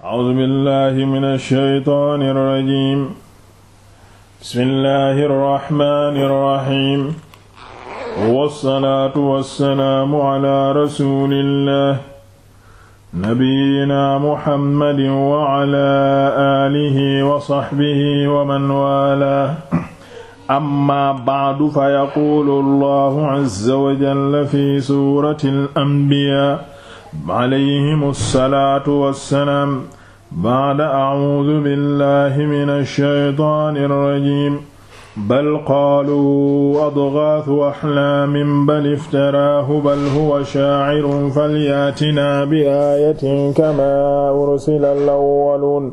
A'uuzu billaahi mina shaytaani rajiim. Bismillaahi rahmaani rahiim. Wassalaatu wassalaamu alaa rasuulillaahi nabiyyinaa Muhammadin wa alaa aalihi wa sahbihi wa man waalaahu. Ammaa ba'du, fa yaquulu Allaahu azza wa jalla fi suuratil anbiyaa. alayhim salaatu wassalaam ba'da a'uudu billahi minash shaytaanir rajiim bal qaalu adgaasu axlaamin bal iftaraahu bal huwa shaacirun falyaatinaa bi aayatin kamaa ursila al-awwaluun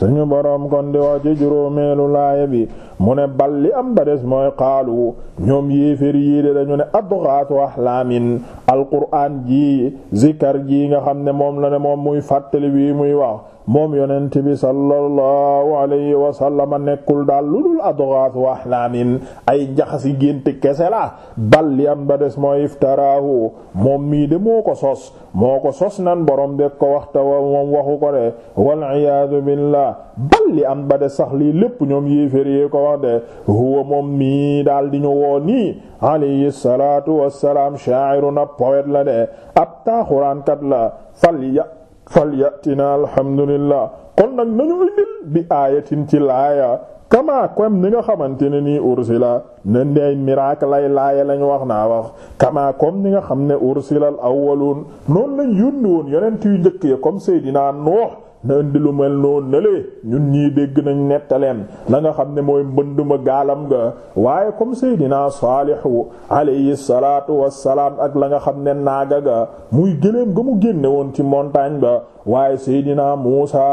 suñu boroom kon di wax ci juróomeelu laaya bi mu ne bal li am ba des mooy qaalu ñoom yéefér yii de dañu ne adgaasu axlaamin ji zikar ji nga xam ne moom la ne moom muy fàttali wi muy wax moom yonent bi sallallahu alayhi wa nekkul daal lu dul adghaas ay njaxasi gént kese la bal li am ba des mooy iftaraahu moom mii de moo ko sos moo ko sos nan borom de waxta wa moom waxu ko de wal iyaadu billah bal li sax lii lépp ñoom yéefér yi wax de huwa moom mii daal di ñu woo nii alayhi wassalaam sha'irun ab la de ab taaxuraankat la fal ya falyatina alhamdulillah kon nag nañu indil bi aayatin ci laaya kama comme ni nga xamante ne nii ursila na ndeey miracle lay laaya lañ wax naa wax kama comme ni nga xam ne ursila al awwaluun noonu lañ yónni woon yu njëkk ya comme Seydina Nuux na indi lu mel noonu nalee ñun ñii dégg nañ nettaleen la nga xam ne mooy mbënduma gaalam ga waaye comme Seydina Saalihu alayhi salaatu wassalaam ak la nga xam ne naaga ga muy gëléem ga mu génne woon ci montagne ba waaye Seydina Muusa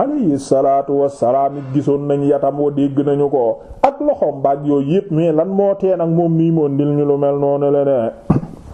alayhi salaatu wassalaam it gisoon nañ yatam wa dégg nañu ko ak loxoom baag yooyu yépp mais lan moo teen ak moom mii moon dil lu mel noonu la ne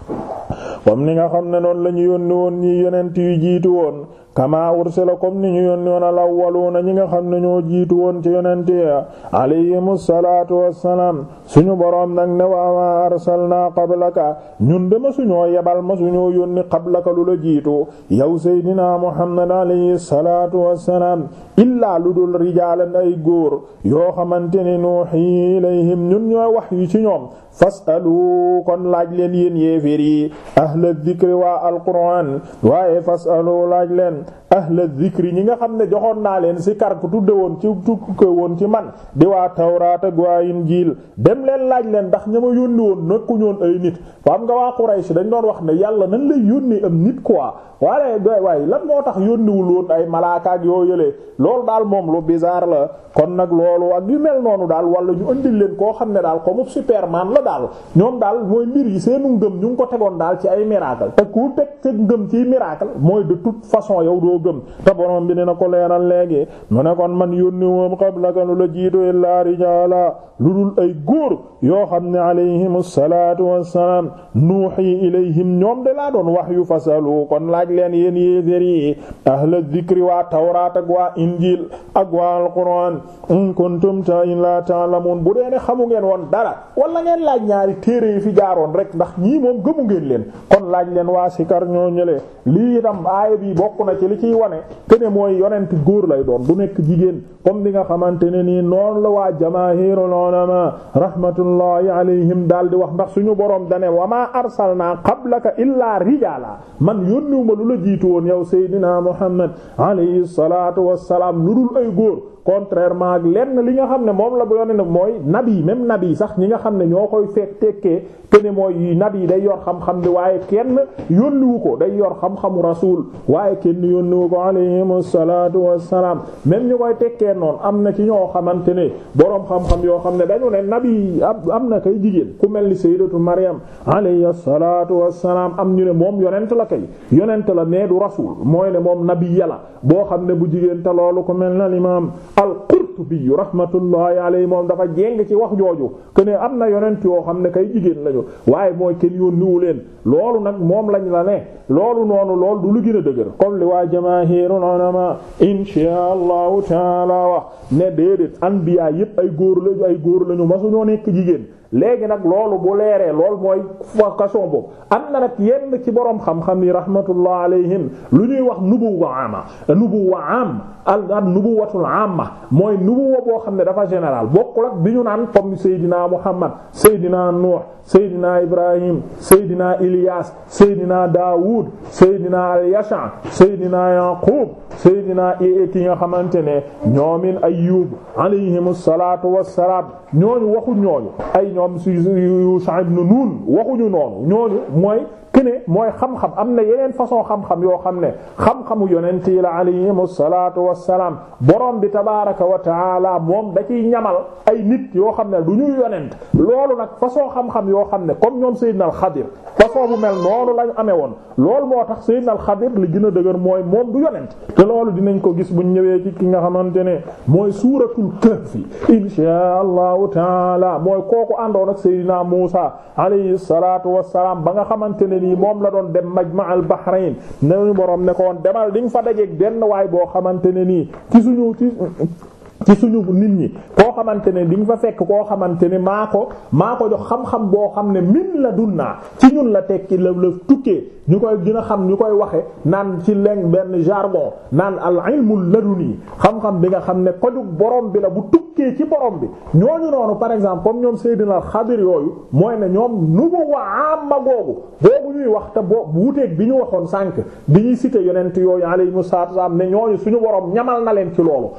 comme ni nga xam ne noonu la ñu yónni woon ñi yonent yu jiitu woon kama ursila comme ni ñu yónni woon al awwaluuna ñi nga xam ne ñoo jiitu woon ci yonente ya alayhimu salaatu wassalaam suñu boroom nag ne wa ma arsalnaa qablaka ñun de ma suñoo yebal ma suñoo yónni qablaka lu la jiitu yow seydinaa muhammad alayhi salaatu wassalaam illaa lu dul rijaalan ay góor yoo xamante ne nuuhi ilayhim ñun ñooy wax yu ci ñoom fasalu kon laaj leen yéen yéeféer yi ahla dikri waa alquran waaye fasalu laaj leen ahla dikri ñi nga xam ne joxoon naa leen si kar ku tudde woon ci tukke woon ci man di waa tawraat ak waa injiil dem leen laaj leen ndax ña ma yónni woon nekkuñoon ay nit xam nga waa Quraysh dañ doon wax ne yàlla nan lay yónni am nit quoi waaye doy waaye lan moo tax yónniwul woon ay malaaka yoo yëlee loolu daal moom lu bizarre la kon nag loolu ak yu mel daal wala ñu ëndil leen koo xam ne daal comme superman daal ñoom daal mooy mbir yi seenu ngëm ñu ngi ko tegoon daal ci ay miracle te ku teg sa ngëm ci miracle mooy de toute façon yow doo gëm te borom bi ne na ko leeral léegi mu ne kon man yónni woom qablaka lu la jiitu illaa rijaala lu dul ay góor yoo xam ne alayhim salaatu wassalaam nuuhi ilayhim ñoom de laa doon wax yu fasalu kon laaj leen yéen yéesér yi ahla dikri waa tawraat ak waa injil ak waa alquraan in kuntum ta in la ta'lamun bu dee ne xamu ngeen woon dara wala ngeen laaj ñaari téere yi fi jaaroon rek ndax ñii moom gëmu ngeen leen kon laaj leen waa sikar ñoo ñële lii itam aaya bi bokk na ci li ciy wane te ne mooy yonent góor lay doon du nekk jigéen comme li nga xamante ne nii noon la waa jamaahirul ulama rahmatullahi alayhim daal di wax ndax suñu borom dane wa wamaa arsalna qablaka illaa rijaala man yónniwuma lu la jiitu woon yow seydina muhammad alayhi salaatu wassalaam lu dul ay góor contrairement ak lenn li nga xam ne moom la bu yone ne mooy nabi même nabi sax ñi nga xam ne ñoo koy fekk tekkee te ne mooy nabi day yor xam-xam bi waaye kenn yónniwu ko day yor xam-xamu rasul waaye kenn yónniwu ko alayhim salaatu wassalaam même ñu koy tekkee noonu am na ci ñoo xamante ne boroom xam yoo xam ne dañu ne nabi am na kay jigéen ku mel ni sayyidatu Maryam alayhi salaatu wassalaam am ñu ne moom yonent la kay la mais du rasul mooy ne moom nabi yàlla boo xam ne bu jigéen te loolu ku mel na limaam al-Qurtubi rahmatullahi alayhi moom dafa jéng ci wax jooju que ne am na yonent yoo xam ne kay jigéen lañu waaye mooy kenn yónniwu leen loolu nag moom lañ la ne loolu noonu lool du lu gën a dëgër comme li waa jamaahirul ulama insha allahu taala wax ne déedéet anbiya yépp ay góor lañu ay góor lañu masuñoo nekk jigéen léegi nag loolu bu leeree loolu mooy façon boobu am na nag yenn ci boroom xam-xam yi rahmatullah alayhim lu ñuy wax nubuwa ama nubuwa am al nubuwatul amma mooy nubuwa boo xam ne dafa général bokkul ak bi ñu naan comme Seydina Muhammad Seydina Nuh Seydina Ibrahim Seydina Ilyas Seydina Daoud Seydina Al-Yasha Seydina Yaqub Seydina ki nga xamante ne ñoomin Ayyub alayhimus salaatu wassalaam ñooñu waxu ñooñu ay ñoom si Yusha ibn Nun waxuñu noonu ñooñu mooy kene mooy xam-xam am na yeneen façon xam-xam yoo xam ne xam-xamu yonent yi la alayhimu salaatu wassalaam borom bi tabaaraka wa taala moom da ciy ñamal ay nit yoo xam ne du ñuy yonent loolu nag façon xam-xam yoo xam ne comme ñoom Seydina Al-Xadir façon bu mel noonu lañ amee woon loolu moo tax Seydina Al-Xadir li gën a dëgër mooy moom du yonent te loolu dinañ ko gis buñ ñëwee ci ki nga xamante ne mooy suuratul Kahf inshaa Allahu taala mooy kooku àndoon ak Seydina Muusa alayhi salaatu wassalaam ba nga xamante ne yi moom la doon dem majma al bahrain nañu borom ne ko woon demal di ñu fa dajeek benn waay boo xamante ne nii ci suñu ci ci suñu nit ñi koo xamante ne di nga fa fekk koo xamante ne maa ko maa ko jox xam-xam boo xam ne min la dun naa ci ñun la tekki la la tukkee ñu koy gën a xam ñu koy waxe naan ci leng benn jargon naan al ilmu laduni xam-xam bi nga xam ne kojug boroom bi la bu tukkee ci borom bi ñooñu noonu par exemple comme ñoom Seydina Xadir yooyu mooy ne ñoom nu mu waa amma googu ñuy wax te boo wuteeg bi ñu waxoon sànq bi ñuy cité yonent yooyu alayhi salaatu wa salaam ne ñooñu suñu borom ñamal na leen ci loolu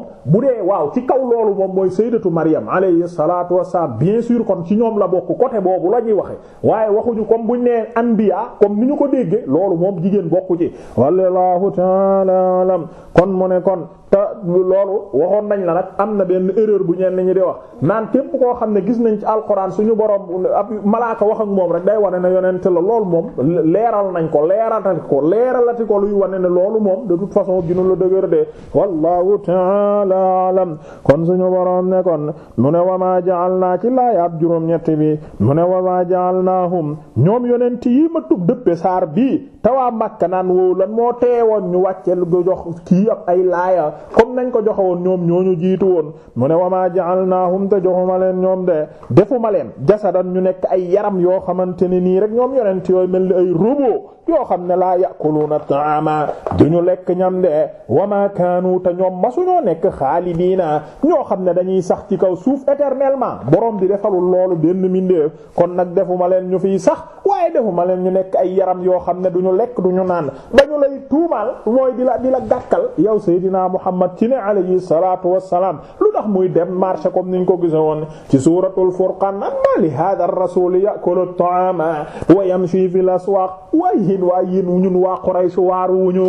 moom bu dee waaw ci kaw loolu moom mooy sayyidatu Maryam alayhi salaatu wassalaam bien sûr kon ci ñoom la bokk côté boobu la ñuy waxe waaye waxuñu comme buñ nee anbiya comme ni ñu ko déggee loolu moom jigéen bokku ci wallahu ta'ala alam kon mu ne kon te loolu waxoon nañ la nag am na benn erreur bu ñenn ñi di wax naan képp koo xam ne gis nañ ci alxuraan suñu borom ab malaaka wax ak moom rek day wane ne yonente la loolu moom leeral nañ ko leeralati ko leeralati ko luy wane ne loolu moom de toute façon ginu la dëgër de wallahu ta'ala alam kon suñu borom nekkoon mu ne wamaa ja'alnaa ci laay ab juróom-ñett bi mu ne wamaa ja'alnaahum ñoom yonent yi ma tub dëppe saar bii tawaa Makka naan wow lan moo teewoon ñu wàccel jox kii ak ay laaya comme nañ ko joxe woon ñoom ñoo ñu jiitu woon mu ne wamaa ja'alnaahum te joxuma leen ñoom de defuma leen jasadan ñu nekk ay yaram yoo xamante ne nii rek ñoom yonent yooyu mel ni ay robot yoo xam ne laa ya'kuluuna ta'aama ñu lekk ñam de wamaa kaanu te ñoom masuñoo nekk xaalidiina ñoo xam ne dañuy sax ci kaw suuf éternellement borom bi defalul loolu benn mindeef kon nag defuma leen ñu fiy sax waaye defuma leen ñu nekk ay yaram yoo xam ne du ñu lekk du ñu naan ba ñu lay tuumaal mooy di la di la gàkkal yow Seydina Muhammad ci ne alayhi salaatu wassalaam lu tax muy dem marché comme niñ ko gisa woon ci suuratul Furqaan amma li haadha ar-rasuul ya'kulu at-ta'aama wa yamshi fil aswaaq waay yéen waay yéen ñun waa Quraysh waaru wuñu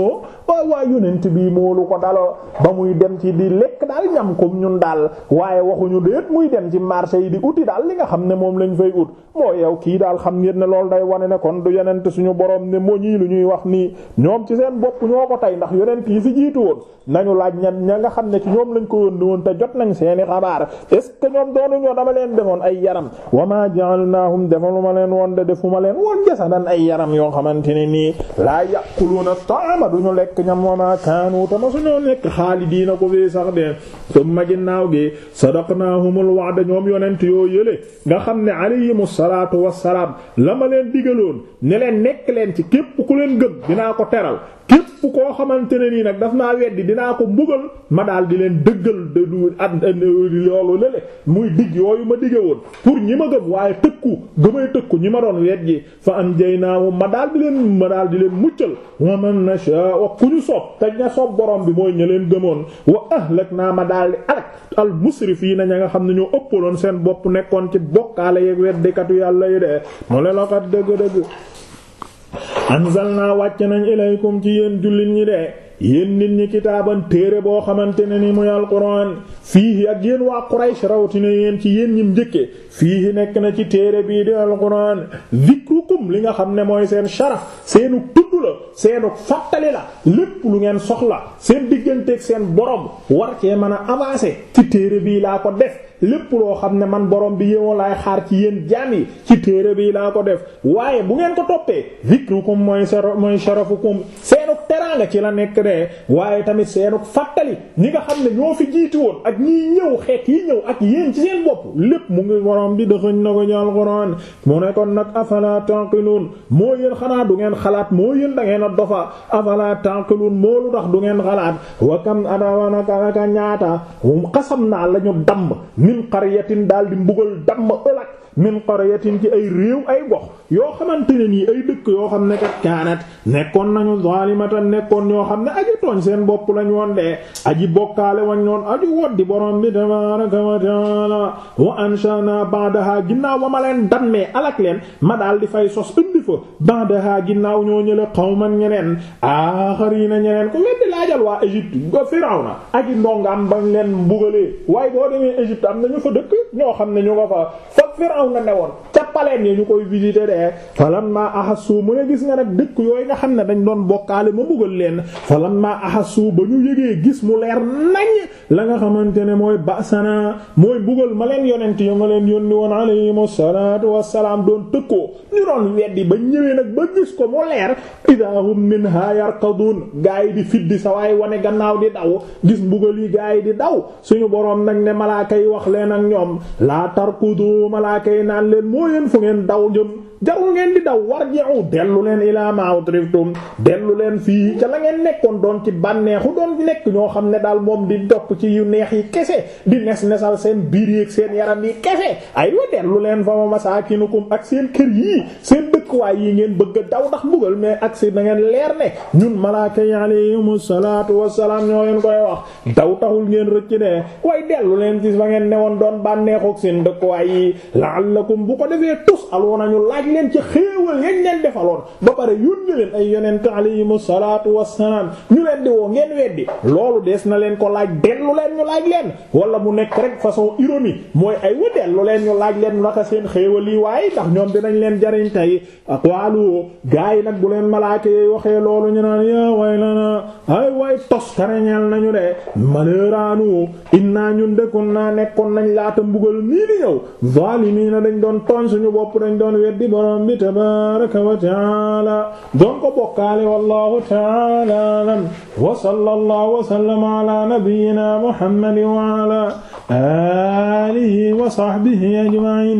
moo lu ko daloo ba muy dem ci di lekk daal ñam comme ñun daal waaye waxuñu déet muy dem ci marché yi di uti daal li nga xam ne moom lañ fay ut moo yow kii daal xam ngeen ne loolu day wane ne kon du yonent suñu borom ne moo lu ñuy wax nii ñoom ci seen bopp ñoo ko tey ndax yonent yi fi jiitu woon nañu laaj ña ña nga xam ne ci ñoom lañ ko yónni woon te jot nañ seeni xabaar a ce ñoom doonu ñoo dama leen defoon ay yaram wa ma leen woon de defuma leen woon jasadan ay yaram yoo xamante ne nii laa yaquluna ta'ama ñu lekk ñam wa ma kaanu tama suñoo nekk xaalidiina ko fee sax de summa ginnaaw gi sadaqnahumul wa'da ñoom yonent yoo yële nga xam ne salaatu wassalaam la ma leen digaloon ne leen nekk leen ci képp ku leen gëm dinaa ko teral képp koo xamante ne nii nag daf maa weddi dinaa ko mbugal ma daal di leen dëggal de du ad loolu lële muy dig yooyu ma dige woon pour ñi ma gëm waaye tëkku gëmay tëkku ñi ma doon weddi fa am jay naamu ma daal di leen ma daal di leen muccal wa man nasha wa ku ñu soob te ña soob borom bi mooy ña leen gëmoon wa ahlak naa ma daal di alak al musrifiina ña nga xam ne ñoo ëppaloon seen bopp nekkoon ci bokkaale yeeg weddikat kaddu yàlla yi de mu a laqad dëgg-dëgg anzalna wàcc nañ ilaykum ci yéen jullit ñi de yéen nit ñi kitaaban téere boo xamante ne ni muy alquran fiihi ak yéen waa Quraysh rawatina yéen ci yéen ñim njëkkee fiihi nekk na ci téere bii di alquran zikrukum li nga xam ne mooy seen sharaf seenu tudd la seenu fàttali la lépp lu ngeen soxla seen digganteeg seen borom war cee mën a avancer ci téere bii laa ko def lépp loo xam ne man borom bi yéemoo laay xaar ci yéen jaam yi ci téere bii laa ko def waaye bu ngeen ko toppee zikrukum mooy mooy sharafukum seenu teraanga ci la nekk de waaye tamit seenu fattali ñi nga xam ne ñoo fi jiitu woon ak ñiy ñëw xeet yi ñëw ak yéen ci seen bopp lépp mu ngi borom bi dëxëñ na ko ñu alxuraan mu ne kon yéen da ngeen a dofa afala taqilun moolu tax du ngeen xalaat wa kam adawanakaaka ñaata xasam naa la ñu damm min qaryatin daal di mbugal damm ëlak min qaryatin ci ay réew ay gox yoo xamante ne nii ay dëkk yoo xam ne kat kaanat nekkoon nañu zalimatan nekkoon ñoo xam ne aji tooñ seen bopp lañ woon de aji bokkaale wañ loon aji woddi borom bi tabaraka wa taala wa anshana ba'daha ginnaaw wa ma leen dammee alak leen ma daal di fay sos indi fa ba'daha ginnaaw ñoo ñële qawman ñeneen axarina ñeneen ko weddi laajal waa Égypte ba Firawna aji ndongaam bañ leen mbugalee waaye boo demee Égypte am na ñu fa dëkk ñoo xam ne ñu nga fa fa Firawna newoon paleem ya ñu koy visiter de falamma ahassu mu ne gis nga nag dëkk yooyu nga xam ne dañ doon bokkaale ma bëggal leen falamma ahassu ba ñu yëgee gis mu leer nañ la nga xamante ne mooy basana mooy bugal ma leen yonent yo ma leen yónni woon alayhimu salaatu wassalaam doon tëkkoo ñu doon weddi ba ñëwee nag ba gis ko mu leer idahum minha yarkadun gaa yi di fit di sa waay wane gannaaw di daw gis mbugal yi gaa yi di daw suñu boroom nag ne malaaka yi wax leen ak ñoom leen fu ngeen daw jëm jarul ngeen di daw warji'u dellu leen ilaa fii ca la ngeen nekkoon doon ci bànneexu doon nekk ñoo xam ne daal moom di dopp ci yu neex yi kese di nes nesal seen biir yi ak seen yaram yi kese ay dellu leen fa ma masaakinukum ak seen kër yi seen dëkkuwaay yi ngeen bëgg a daw ndax mbugal mais agsi na ngeen leer ne ñun malaaka yi alayhimu salaatu wassalaam ñoo leen koy wax daw taxul ngeen rëcc ne way dellu leen ci fa ngeen newoon doon bànneexook seen dëkkuwaay yi ko defee tus aloo nañu laaj leen ci xéewal yañ leen defaloon ba pare yónni leen ay yonent alayhimu salaatu wassalaam ñu leen di woo ngeen leen ko laaj dellu leen ñu laaj leen wala mu nekk rek façon ironie mooy ay wa dellu leen ñu laaj leen naka seen xéewal yi waaye ndax ñoom dinañ leen jariñ tey aqwaalu gaa yi nag bu leen malaaka yi waxee ñu naan yaa way lana ay way tos karañeel nañu de malheuraanu inna ñun dëkkoon naa nekkoon nañ laata mbugal nii di ñëw zaalimiina dañ doon tooñ suñu bopp dañ doon weddi borom bi tabaaraka wa taala doon ko bokkaale wallahu taala alam wa sallallahu wa sallama ala nabiyyina muhammadin wa ala alihi wa sahbihi ajma'in